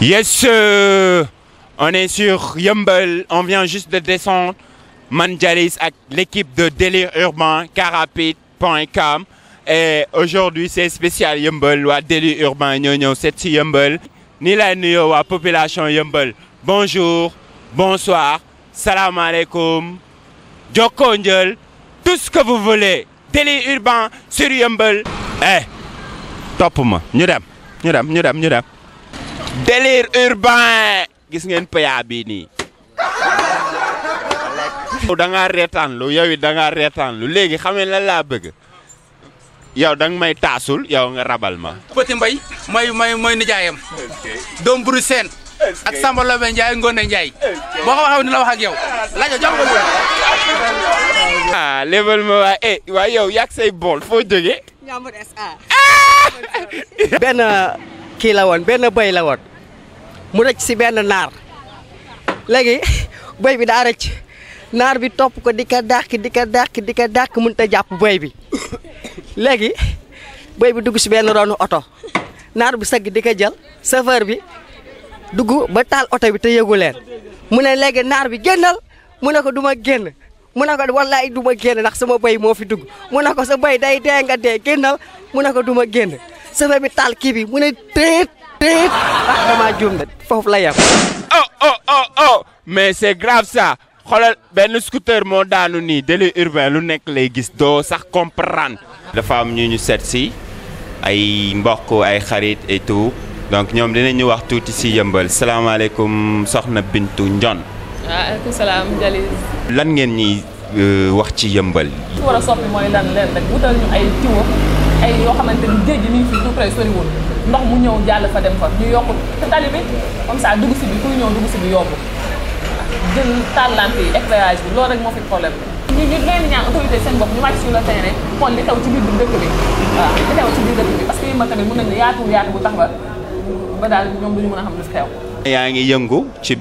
Yes, euh, on est sur Yumble. On vient juste de descendre Manjalis avec l'équipe de délire urbain carapit.com. Et aujourd'hui, c'est spécial Yumble, ou urbain, c'est Yumble. Ni la population Yumble. Bonjour, bonsoir, salam alaikum, jokonjol, tout ce que vous voulez. Délire urbain sur Yumble. Eh, top moi. Nous sommes, nous sommes, nous délire urbain gis ngeen paya bii nii yow da ngaa reetaan lu yow it da ngaa xam laa bëgg yow may taasul yow nga rabal ma Petit Mbaye mooy mooy mooy nijaayam doom buru seen ak Samba Lobé Ndiaye Ngone Ndiaye boo ko waxee ni lajo jox ko ah ma waa eh waa yow yàgg bool foo jógee ah! benn ki la woon benn béy la mu recc si ben nar, legi bayi bi da recc nar bi top ko di dak dika dak dika dak mu bayi, lagi, bayi bi legi bay bi dugg si ben ron auto nar bi sag dika jël chauffeur bi dugg ba tal auto bi te yegulen mu ne legi nar bi gennal mu ne ko duma genn mu ne ko wallahi duma genn nak sama bay mo fi dugg mu ne ko sa bay day nga mu ne ko duma genn sama metal kibi bi mu ne déet déet ah damaa juum de foofu la yem. oh oh oh oh mais c'est grave ça xoolal benn scooter moo daanu nii délit urbain lu nekk lay gis doo sax comprendre. dafa am ñu ñu seet si ay mbokk ay xarit et tout donc ñoom dinañu wax tuuti si yëmbal salaamaaleykum soxna Bintu Ndion. waaleykum salaam Jalil. lan ngeen ñuy euh, wax ci yëmbal. li war a soppi mooy lan leen rek wutal ñu ay tiwo. ay yoo xamante ni géej gi mi ngi fi tout près soriwul ndox mu ñëw jàll fa dem fa ñu yokk te tali bi comme ça dugg si bi kuy ñëw dugg si bi yomb jël tàllante yi éclairage bi loolu rek moo fi problème ñu ñu leen ñaan autorité seen bopp ñu wàcc sur le terrain xool li xew ci biir dëkk bi waaw li xew ci biir dëkk bi parce que yéen ma tamit mën nañu yaatu yaatu bu tax ba ba daal ñoom duñu mën a xam lu fi xew yaa ngi yëngu ci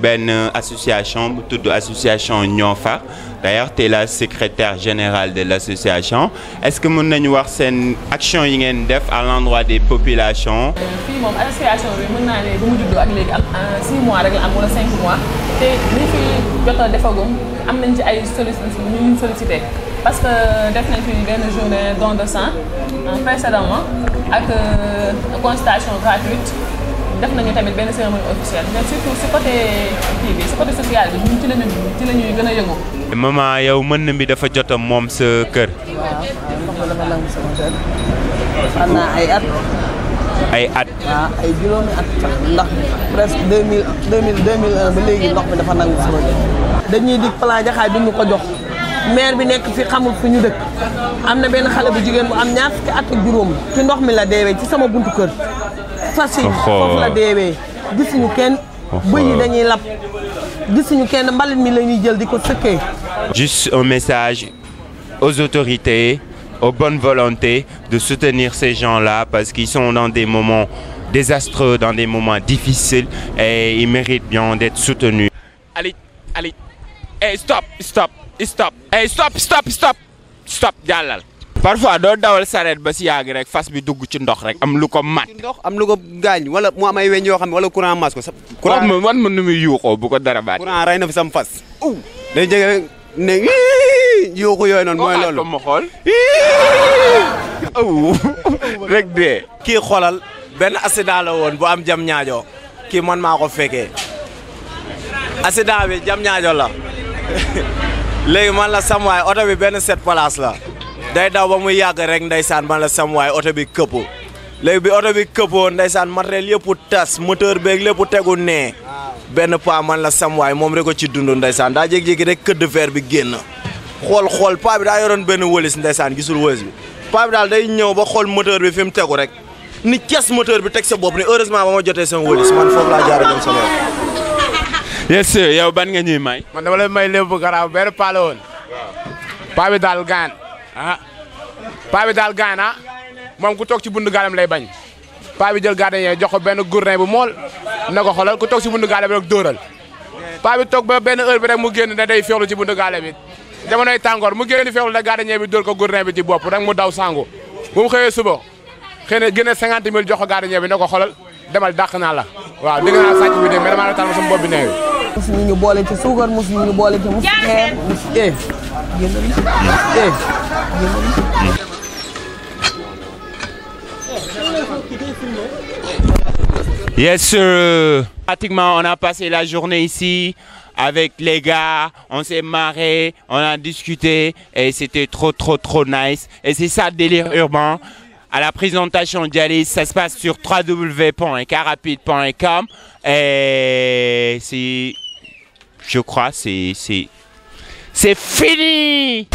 association bu tudd association Ñoofa d'ailleurs tu es la secrétaire générale de l'association est-ce que mën nañu wax seen action yi ngeen def à l'endroit des populations. L'association moom association bi mën naa bu mu ak 6 mois rek 5 mois te li fi jot a defagum am nañ ci ay sollicité ñu ñu sollicité parce que def nañ fi benn journée don de sang précédemment ak euh, consultation gratuite. def nañu tamit benn cérémonie officielle mais surtout si côté kii bi bi yow mën na mi dafa jotam moom sa kër. waaw ay at. ay at. waaw ah, ay juróomi at ndax presque deux mille deux mille ba léegi ndox mi dafa nangu sama kër. dañuy dig plan jaxaay bi ñu ko jox. maire bi nekk fi xamul fi ñu dëkk am na benn xale bu jigéen bu am ñaar fukki at juróom ci ndox mi la deewee ci sama buntu kër juste un message aux autorités aux bonnes volontés de soutenir ces gens-là parce qu'ils sont dans des moments désastreux, dans des moments difficiles et ils méritent bien d'être soutenus. Allez, allez, hey, eh, stop, stop, stop, hey, eh, stop, stop, stop, stop, galal. parfois doo dawal sareet ba si yàgg rek fas bi dugg ci rek am lu ko mat. ndox am lu ko gaañ wala mu am ay weñ yoo xam ne wala courant mas ko. courant man man nu muy yuuxoo bu ko dara baat. courant na fi sam fas. ouu day jege rek ne yuuxu yooyu mooy loolu ma xool. rek kii xoolal benn accident la woon bu am jam ñaajoo kii man maa ko fekkee accident bi jam ñaajo la léegi man la sam waay oto bi benn sept place la. day daw ba muy yàgg rek ndeysaan man la sam waay oto bi këppoo léegi bi oto bi këppoo ndeysaan matériel yëpp tas moteur beeg lépp tegu nee benn paa man la sam waay moom reko ko ci dund saan daa jékki-jékki rek këdd fer bi génn xool xool paa bi daa yoroon benn wëlis ndeysaan gisul wëlis bi paa bi daal day ñëw ba xool moteur bi fi mu tegu rek ni cas moteur bi teg sa bopp ni heureusement ba ma jotee sama wëlis man foofu laa jaaree dem sama yes yow ban nga ñuy may. man dama lay may lépp bu garaaw benn paa la ah paa bi daal gaañ na moom ku toog ci bundu gaalam lay bañ paa bi jël gardien jox ko benn gourne bu mool na ko xoolal ku toog ci bundu gaalam rek dóoral paa bi toog ba benn heure bi rek mu génn ne day féexlu ci bundu gaalam it jamonoy tàngoor mu génn di féexlu da gardien bi dóor ko gourne bi ci bopp rek mu daw sangu bu mu xëyee suba xëy na génne cinquante mille jox ko gardien bi na ko xoolal demal dàq naa la waaw dégg naa sàcc bi de mais damaa la mus ñu ñu boole ci Yes, sir. Pratiquement, on a passé la journée ici avec les gars. On s'est marré, on a discuté et c'était trop, trop, trop nice. Et c'est ça, le délire urbain. À la présentation d'Alice, ça se passe sur www.carapide.com et c'est, je crois, c'est, c'est fini!